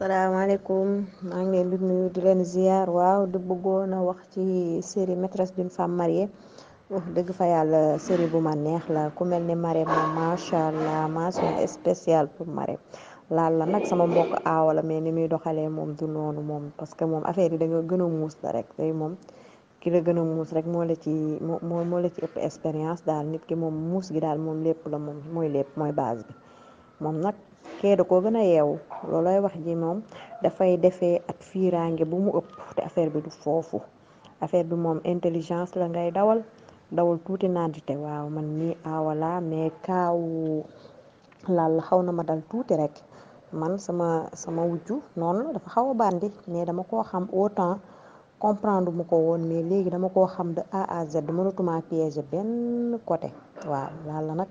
salaamaaleykum maa ngi leen di nuyu di leen waaw di bëggoon a wax ci série maîtresse d'une femme mariée wax dëgg fa yàlla série bu ma neex la ku mel ni Marème moom macha allah mention spéciale pour Marème laal la nag sama mbokk aawa la mais ni muy doxalee moom du noonu moom parce que moom affaire yi da nga gën muus la rek moom ki la gën a muus rek moo la ci moo moo ci ëpp expérience daal nit ki moom muus gi daal moom lépp la moom mooy lépp mooy base bi moom nag. kee ko koo gën yeew yeewu loolooy wax ji moom dafay defee ak fiiraange bu mu ëpp te affaire bi du foofu affaire bi moom intelligence la ngay dawal dawal tuuti naandite waaw man nii awala mais kaawu laal la xaw na ma dal tuuti rek man sama sama wujju noonu dafa xaw a bandi mais dama koo xam a comprendre mu ko woon mais léegi dama koo xam A à Z mënatuma piéger benn côté waaw laal la nag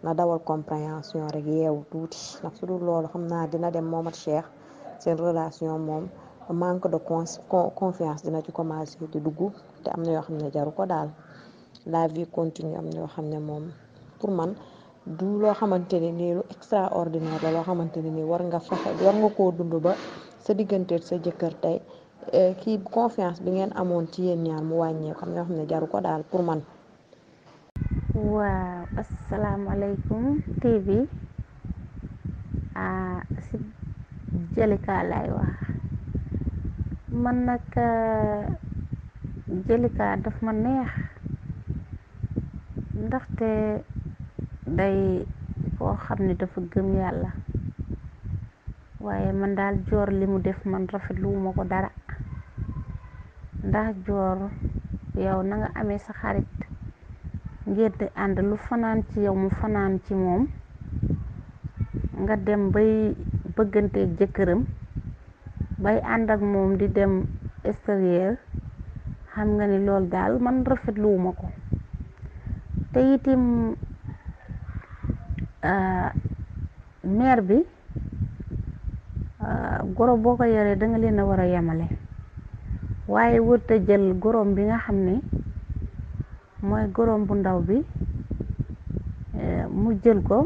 na dawal compréhension rek yeewu tuuti ndax su dul loolu xam naa dina dem moom ak Cheikh seen relation moom manque de confiance dina ci commencé di dugg te am na yoo xam ne jaru ko daal la vie continuer am na yoo xam ne moom pour man du loo xamante ni nii lu extraordinaire la loo xamante ni nii war nga fexe war nga koo dund ba sa digganteel sa jëkkër tey eh, kii confiance bi ngeen amoon ci yéen ñaar mu wàññeeku am na yoo xam ne jaru ko daal pour man waaw asalaamaaleykum TV ah, si Jalika laay wax man nag ah, Jalika daf ma neex ndaxte day koo xam ne dafa gëm yàlla waaye man daal joor li def man rafet rafetluwuma ko dara ndax joor yow nanga nga amee sa xarit ngeen di ànd lu fanaan ci yow mu fanaan ci moom nga dem bay bëggante jëkkëram bay ànd ak moom di dem extérieur xam nga ni lool daal man rafetluwuma ko te itim ah, maire bi ah, goro boo ko yoree da nga leen a war a yemale waaye wërta jël gorom bi nga xam ni mooy góoróom bu ndaw bi e, mu jël ko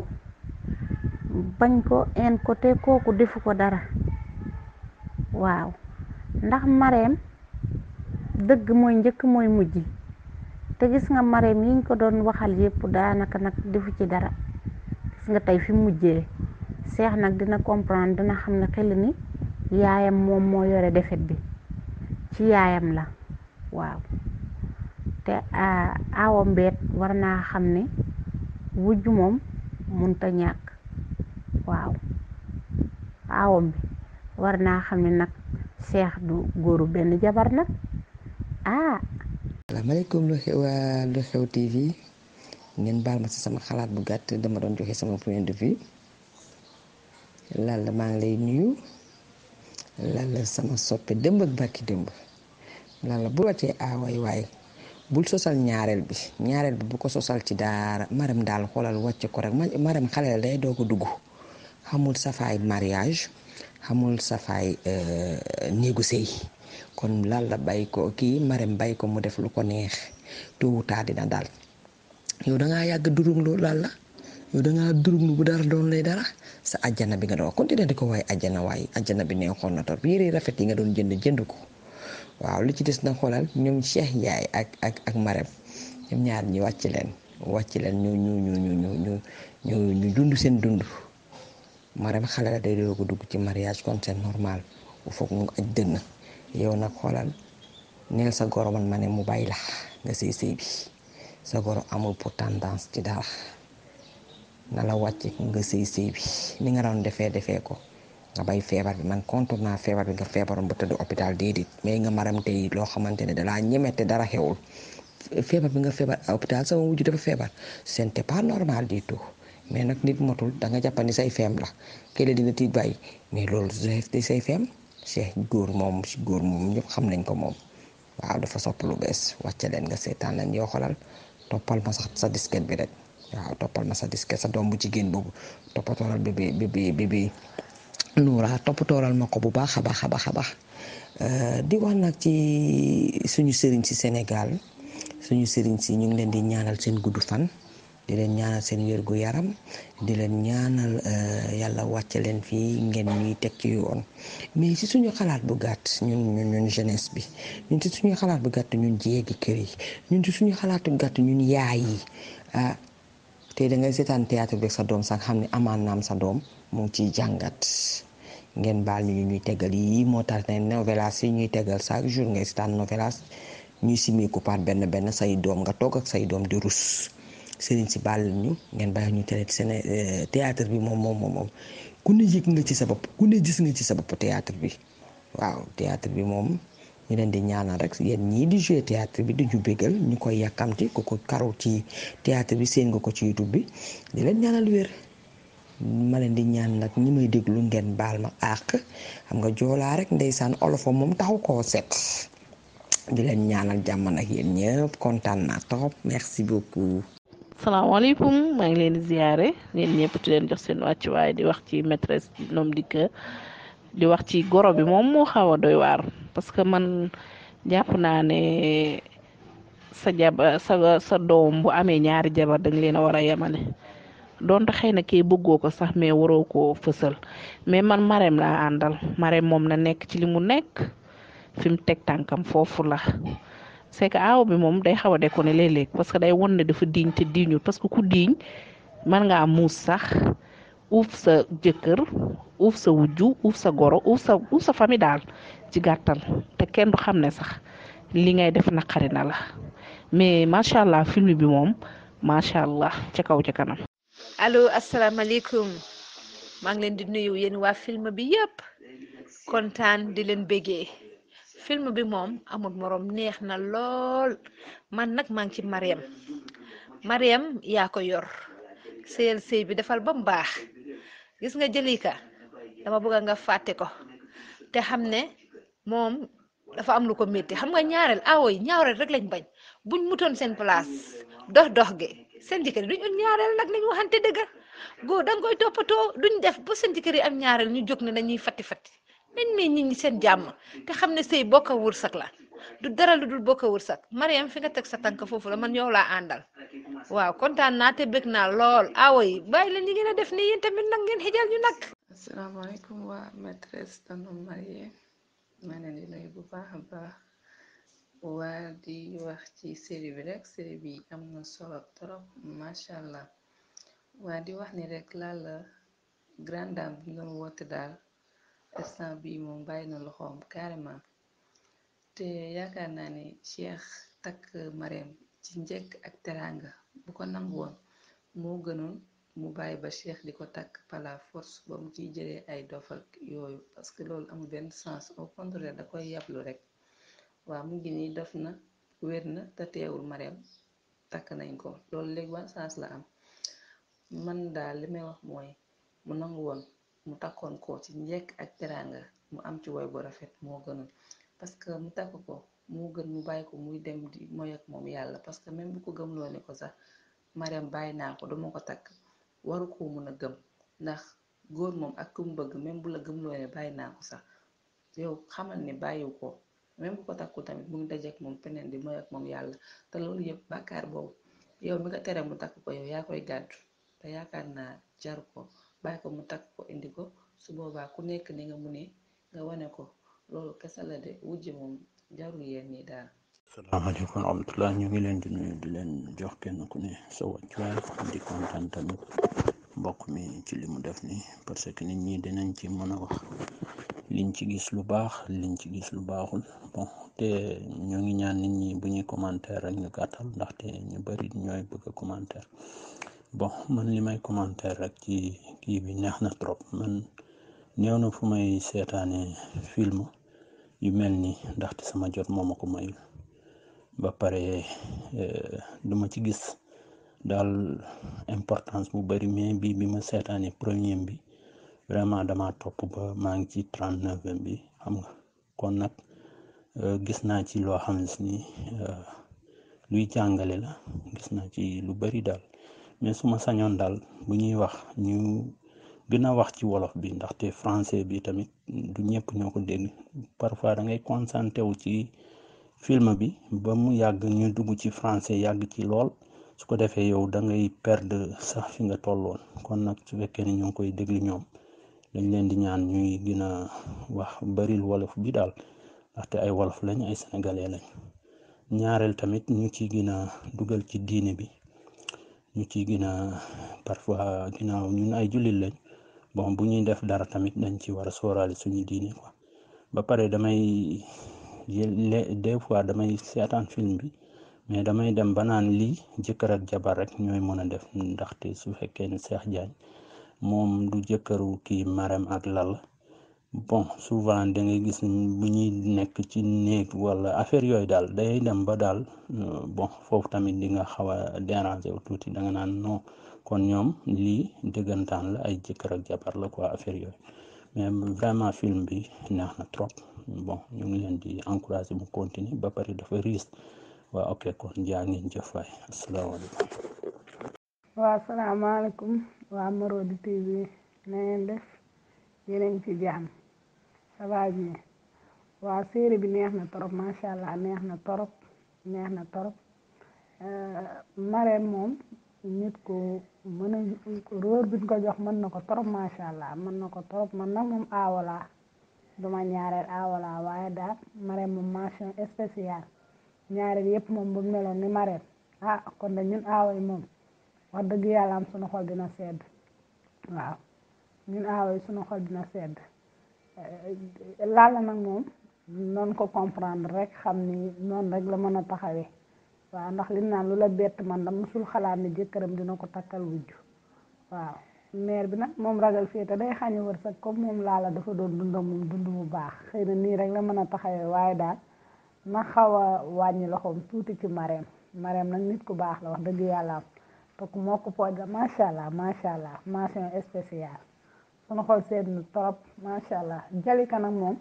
bañ ko en ko te kooku defu ko dara waaw ndax mareem dëgg mooy njëkk mooy mujj te gis nga mareem yiñ ko doon waxal yépp daanaka nag defu ci dara gis nga tey fi mujjee seex nag dina comprendre dina xam ne xel ni yaayam moom moo yore defet bi ci yaayam la waaw te awa mbeet war naa xam ne wujj moom munta ñàkk waaw awam bi war naa xam ne nag seex du góoru benn jabar la ah salaamaaleykum lu xew waa lu xew tv ngeen baal ma si sama xalaat bu gàtt dama doon joxe sama point de vue la maa ngi lay nuyu la sama soppe démb ak barki démb Lalla bu watee aaway waay bul sosal ñaareel bi ñaareel bi bu ko sosal ci daara maram daal xoolal wàcc ko rek maram xale la day doo ko dugg xamul safaay mariage xamul safaay euh, néegu sëy kon lan la bay ko kii maram bay ko mu def lu ko neex tuutaa dina daal yow da ngaa yàgg durum loolu lan la yow da ngaa durum bu dara doon lay dara sa ajjana bi nga doon continuer di ko waaye ajjana waaye ajjana bi neexoon na trop rafet yi nga doon jënd jënd ko. waaw li ci des nag xoolal ñoom Cheikh Ndiaye ak ak ak Marème ñoom ñaar ñi wàcc leen wàcc leen ñu ñu ñu ñu ñu ñu ñu dund seen dund Marème xale la day doog a dugg ci mariage kon c'est normal bu foog mu aj dënn yow nag xoolal neel sa goro man ma ne mu bàyyi la nga sëy sëy bi sa goro amul pour tendance ci dara na la wàcc nga sëy sëy bi ni nga doon defee defee ko. nga bay feebar bi man contre naa feebar bi nga feebaroon ba tëdd hôpital déedéet mais nga maram tey loo xamante ne dalaa ñemete dara xewul feebar bi nga feebar hôpital sama wujj dafa feebar c'est pas normal du tout mais nag nit motul da nga jàppandi say feem la kële dina tiit bàyyi mais loolu di say feem cheikh góor moom góor moom ñëpp xam nañ ko moom waaw dafa sopp lu bees wàcce leen nga seetaan leen yoo xolal toppal ma sax sa disket bi rek waaw toppal ma sa disket sa doom bu jigéen boobu toppatoolal bébé Noura toppatooral ma ko bu baax a baax a baax a euh, di wax nag ci suñu sëriñ si Sénégal suñu sëriñ si ñu ngi leen di ñaanal seen gudd fan di leen ñaanal seen wér yaram di leen ñaanal euh, yàlla wàcce leen fii ngeen mi teg ci yoon mais ci suñu xalaat bu gàtt ñun ñun bi ñun si xalaat bu gàtt ñun jéegi kër yi ñun si suñu xalaatu bu gàtt ñun yaay yi ah, te da ngay seetaan théâtre bi sa doom sax xam ne amaan naam sa doom. mu ngi ciy jàngat ngeen baal ñu ñuy tegal yi moo tax ne novelas yi ñuy tegal chaque jour ngay seetaan novelas ñuy simiku par benn benn say doom nga toog ak say doom di rus sëriñ si baal ñu ngeen bàyyi ñu te sene euh, théâtre bi moom moom moom ku yëg nga ci sa bopp ku ne nga ci sa bopp théâtre bi waaw théâtre bi moom ñu leen di ñaanal rek yéen ñii di joué théâtre bi di ñu ñu koy yàkkamti ku ko karu ci théâtre bi seen nga ko ci YouTube bi di leen ñaanal wér ma leen di ñaan nag ñi déglu ngeen baal ma àq xam nga joolaa rek ndeysaan olofo moom taxu ko set di leen ñaanal jàmm nag yéen ñëpp kontaan naa trop merci beaucoup. salaamaaleykum maa ngi leen di ziare yéen ñëpp di leen jox seen wàccuwaay di wax ci maîtresse nom di di wax ci goro bi moom moo xaw a doy waar parce que man jàpp naa ne sa jaba sa sa doom bu amee ñaari jabar da leen a war a yemale. donte xëy na kii bëggoo ko sax mais waroo koo fësal mais man Marème laa àndal Marème moom na nekk ci li mu nekk fi mu teg tànkam foofu la c'est que aaw bi moom day xaw a deko ne léeg parce que day won ne dafa diiñ te parce que ku diiñ mën ngaa muus sax uuf sa jëkkër uuf sa wujju uuf sa goro uuf sa uuf sa famille daal ci gàttal te kenn du xam ne sax li ngay def naqari la mais macha allah film bi moom macha allah ca kaw ca kanam. alo asalaamaaleykum maa ngi leen di nuyu yéen waa film bi yépp kontaan di leen bégee film bi moom amul morom neex na lool man nag maa ngi ci Mariam Mariam yaa ko yor sëyal sëy bi defal ba mu baax gis nga Jalika dama bëgg nga fàtte ko te xam ne moom dafa am lu ko métti xam nga ñaareel awo ah yi ñaareel rek lañ bañ buñ mutoon seen place dox dox gi. seen jëkkër yi duñ ut ñaareel nag nañ waxante dëgg góor da nga koy toppatoo duñ def ba seen jëkkër yi am ñaareel ñu jóg ne dañuy fatti fatti nañ may nit ñi seen jàmm te xam ne sëy bokk a wërsëg la du dara lu dul bokk a wërsëg Mariam fi nga teg sa tànk foofu la man yow laa àndal waaw kontaan naa te bëgg naa lool awo yi bàyyi la ñi ngeen a def nii yéen tamit nag ngeen xijal ñu nag. asalaamaaleykum waa maîtresse d'un homme ma maa ngi leen bu baax a baax. waa di wax ci série bi rek série bi am na solo trop macha allah waa di wax ni rek laal la grande dame bi doon woote daal instant bi moom bàyyi na loxoom carrément te yaakaar naa ni Cheikh takk Marème ci njëkk ak teraanga bu ko nangu woon moo gënoon mu bàyyi ba Cheikh di ko takk par la force ba mu ciy jëlee ay dof yooyu parce que loolu amul benn sens au contraire da koy yablu rek. waaw mu ngi yi def na wér na te teewul Marème takk nañ ko loolu léegi ban chance la am man daal li may wax mooy mu nangu woon mu takkoon ko ci njekk ak teraanga mu am ci woy bu rafet moo gënoon que takk ko moo gën mu bàyyi ko muy dem di mooy moom yàlla parce que même bu ko gëmloo ne ko sax Marème bàyyi naa ko dama ko takk waru ko mën a gëm ndax góor moom ak ku bëgg même bu la gëmloo ne bàyyi naa ko sax yow xamal ne bàyyiw ko même ko takku tamit mu ngi dajeek moom feneen di mooy ak moom yàlla te loolu yëpp bàkkaar boobu yow mi nga tere mu takk ko yow yaa koy gàddu te yaakaar naa jar ko bàyyi mu takk ko indi ko su boobaa ku nekk ni nga mu ne nga wane ko loolu kese la de wujj moom jarul yéen ñi daal. salaamaaleykum wa rahmatulah ñu ngi leen di nuyu di leen jox kenn ku ne sa wàccuwaay di kontaan tamit mbokk mi ci li mu def nii parce que nit ñi dinañ ci mën a wax. liñ ci gis lu baax liñ ci gis lu baaxul bon te ñoo ngi ñaan nit ñi bu ñuy commentaire rek ñu gàttal ndaxte ñu bëri ñooy bëgg a commentaire bon man li may commentaire rek ci kii bi neex na trop man néew na fu may seetaane film yu mel nii ndaxte sama jot moo ma ko mayul ba pare eh, duma ci gis daal importance bu bëri mais bii bi ma seetaanee premier bi vraiment dama topp ba maa ngi ci trente neuvième bi xam nga kon nag euh, gis naa ci loo xam ni euh, luy jàngale la gis naa ci lu bari daal mais su ma sañoon daal bu ñuy wax ñu gën a wax ci wolof bi ndaxte français bi tamit du ñëpp ñoo ko dégg parfois da ngay concentré wu ci film bi ba mu yàgg ñu dugg ci français yàgg ci lool su ko defee yow da ngay perdre sax fi nga tolloon kon nag su fekkee ni ñoo ngi koy déglu ñoom. dañ leen di ñaan ñuy gën a wax baril wolof bi daal ndaxte ay wolof lañ ay sénégalais lañ ñaareel tamit ñu ci gën dugal ci diine bi ñu ci gën a parfois ginnaaw ñun ay jullit lañ bon bu ñuy def dara tamit dañ ci war a sóoraale suñu diine quoi ba pare damay des fois damay seetaan film bi mais damay dem ba naan lii jëkkër ak jabar rek ñooy mën a def ndaxte su fekkee nu Cheikh Diagne moom du jëkkëru kii marem ak lalla bon souvent da ngay gis bu ñuy nekk ci néeg wala affaire yooyu daal day dem ba daal euh, bon foofu tamit di nga xaw a déranger wu da nga naan non kon ñoom lii dëggantaan la ay jëkkër ak jabar la quoi affaire yooyu mais vraiment film bi neex na trop bon ñu ngi leen di encouragé mu ba pare dafa riis waa ok kon jaa ngeen jëf waay waaw salaamaaleykum waa Marodi TV na ngeen def yéen a ngi ci jàmm ça waaw série bi neex na torop macha allah neex na torop neex na torop euh, Marème moom nit ko mën bi ñu ko jox mën na ko torop macha allah mën na ko torop man nag moom aawalaa duma ñaareel aawalaa waaye daal Marème moom mention spéciale ñaareel yépp moom bu meloon ni Marème ah kon ñun aaway moom wax dëgg yàlla am xol dina sedd waaw ñun aawa yi xol dina sedd eh, laala nag moom noon ko comprendre rek xam ni noon rek la mën a taxawee waaw ndax lim naan lu la bett man da musul xalaat ni jëkkëram dina ko takkal wujju waaw mère bi nag moom ragal féete day xañi wërsëg comme moom laala dafa doon dundam moom dund bu baax xëy na nii rek la mën a taxawee waaye daal na xaw a wàññi loxoom tuuti ci mareem mareem nag nit ku baax la wax dëgg yàlla te ku mokk pooj la macha allah macha allah mention spéciale ma xol seet nu trop macha allah jalika nag moom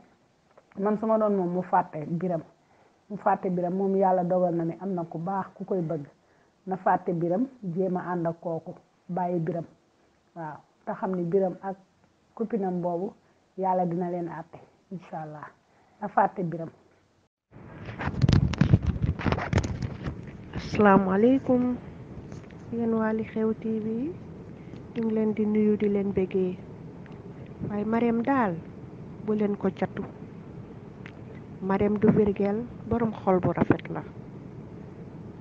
man su doon moom mu fàtte biram mu fàtte biram moom yàlla dogal na ni am na ku baax ku koy bëgg na fàtte biram jéem a ànd ak kooku bàyyi biram waaw te xam ni biram ak copinam boobu yàlla dina leen àtte incha allah na fàtte biram asalaamaaleykum yéen waa li xew TV ñu ngi leen di nuyu di leen bëggee waaye Marème daal bu leen ko catu Marème du Virgile boroom xol bu rafet la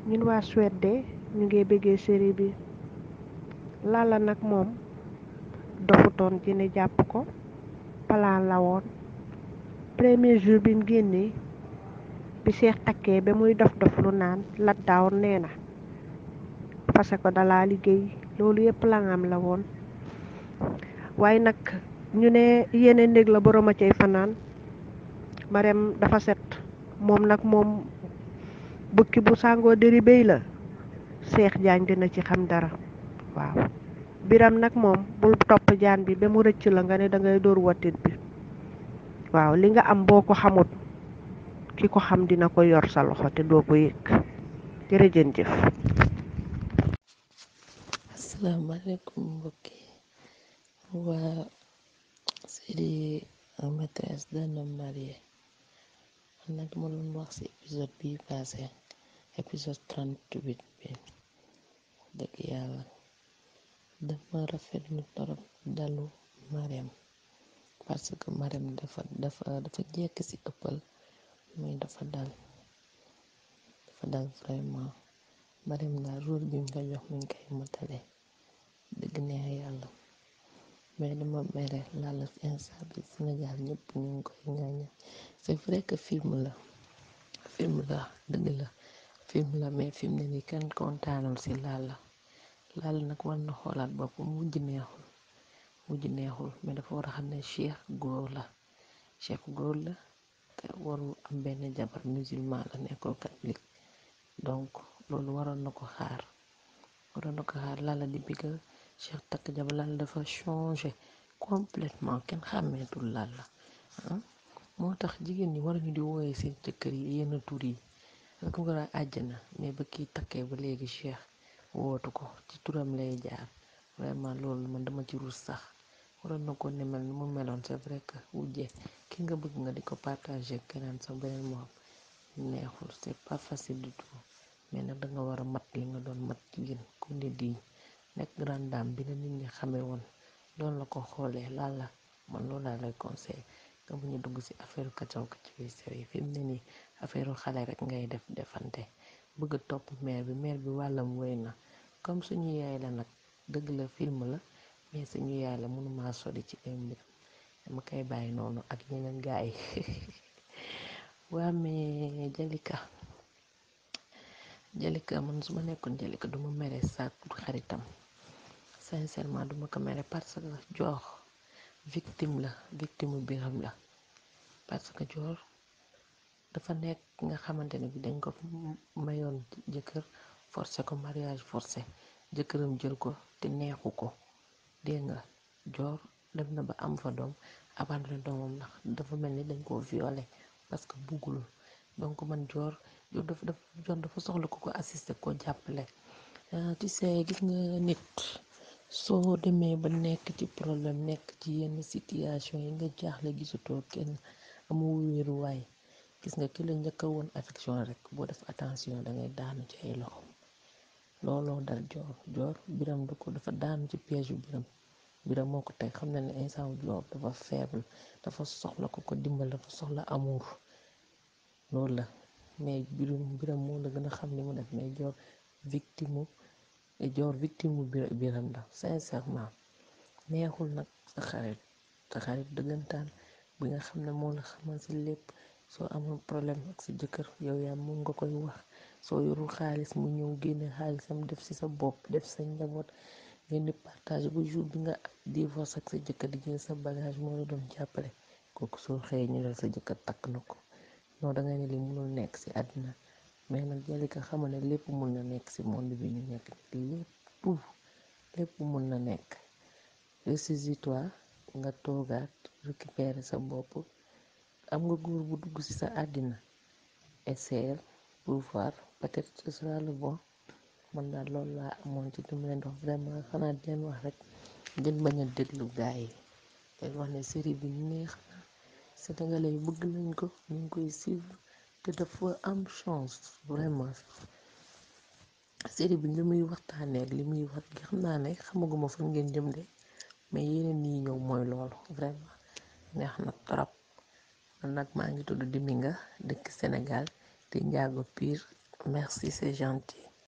ñun waa Suède de ñu ngi bëggee série bi Lala nag moom dofutoon dina jàpp ko palaan la woon premier jour bi mu génnee bi seex takkee ba muy dof dof lu naan lat daaw fase ko dalaa liggéey loolu yëpp planam la woon waaye nag ñu ne yeneen néeg la borom a cay fanaan marem dafa set moom nag moom bukki bu sàngoo dëri béy la seex jaañ dina ci xam dara waaw biram nag moom bul topp jaan bi ba mu rëcc la nga ne da ngay dóor watit bi waaw li nga am boo ko xamut ki ko xam dina ko yor sa loxo te doo ko yëg jërëjëf asalaamaaleykum mbokki waa série maîtresse d'un homme marié man nag wax ci épisode bi passé épisode 38 bi dëgg yàlla dama rafetlu torop dalu Marème parce que Marème dafa dafa jekk ci ëppal mais dafa dal dafa dal vraiment Marème daal rôle bi mu ko jox mi ngi koy dëgg neex yàlla mais dama mere Lalla fi instant bi Sénégal ñëpp ñu ngi koy ŋaññi c'est vrai que film la film la dëgg la film la mais film ne nii kenn kontaanul si Lalla Lalla nag war na xoolaat bopp mujj neexul neexul mais dafa war a xam ne cheikh góor la cheikh góor la te warul am benn jabar musulman la nekkoo catholique donc loolu waroon na ko xaar waroon di bigal Cheikh takk jabar Lalla dafa changé complètement kenn xàmmeetul Lalla eh? moo tax jigéen ñi war ñu di wooyee seen jëkkër yi yenn tur yi ku ko daal àjjana mais ba kii ba léegi Cheikh wootu ko ci turam lay jaar vraiment loolu man dama ci ruus sax waroon na ko ne mel ni mu meloon c'est vrai que wujje ki nga bëgg nga di ko partager keneen sax beneen moom neexul c'est pas facile du nag danga war a mat li nga doon programme bi la nit ñi xamee woon loolu la ko xoolee laal la man loolu laa lay conseil nga bu ñu dugg ci affaire kaccaw kaccaw yu sew yi fi mu ne nii affaire xale rek ngay def defante bëgg topp mère bi mère bi wàllam wéy na comme suñu yaay la nag dëgg la film la mais suñu yaay la mënuma sori ci ay mbiram dama koy bàyyi noonu ak ñeneen gaa yi waa mais Jalika Jalika man su ma nekkoon Jalika du mere sàkku xaritam sincèrement duma ko mere parce que joor victime la victime biram la parce que joor dafa nekk nga xamante ne bi dañ ko mayoon jëkkër forcé ko mariage forcé jëkkëram jël ko te neexu ko dégg nga joor dem na ba am fa doom abandonné doomam ndax dafa mel ni dañ koo violé parce que buggul donc man joor joor dafa dafa joor dafa soxla ko assister ko jàppale euh, tu sais gis nga nit soo demee ba nekk ci problème nekk ci yenn situation yi nga jaaxle gisutoo kenn amul wéeruwaay gis nga ki la njëkk a woon affection rek boo def attention dangay daanu ci ay loxo looloo dal joor joor biram du dafa daanu ci piège yu biram biram moo ko teg xam na ne instant joor dafa faible dafa soxla ko ko dimbal dafa soxla amour loolu la mais biram biram moo la gën a xam ni mu def mais joor victime te joor victime mu biram la sincèrement neexul nag sa xarit sa xarit dëggantaan bi nga xam ne moo la xamal si lépp soo amul problème ak sa jëkkër yow yaa mun nga koy wax soo yorul xaalis mu ñëw génne xaalisam def si sa bopp def sa njaboot ngeen di partage bu jour bi nga divorce ak sa jëkkër di jël sa bagage moo la doon jàppale kooku soo xëyee ñu dal sa jëkkër takk na ko non danga ne li mënul nekk ci àddina mais nag Jalika xamal ne lépp mun na nekk ci monde bi ñu nekk lépp lépp mun na nekk ressaisis nga toogaat récupérer sa bopp am nga góor bu dugg ci sa àddina essayer pour voir peut-être ce sera le bon man daal loolu laa amoon ci li mu leen wax vraiment xanaa di wax rek ngeen bañ a déglu gars yi day wax ne série bi neex na yi bëgg nañ ko mu ngi koy suivre. te dafa am chance vraiment série bi li muy waxtaanee ak li muy wax xam naa ne xamaguma fan ngeen jëm de mais yeneen yi ñëw mooy loolu vraiment neex na trop man nag maa ngi tudd di mi nga dëkk Sénégal di njaago pire merci c'est gentil.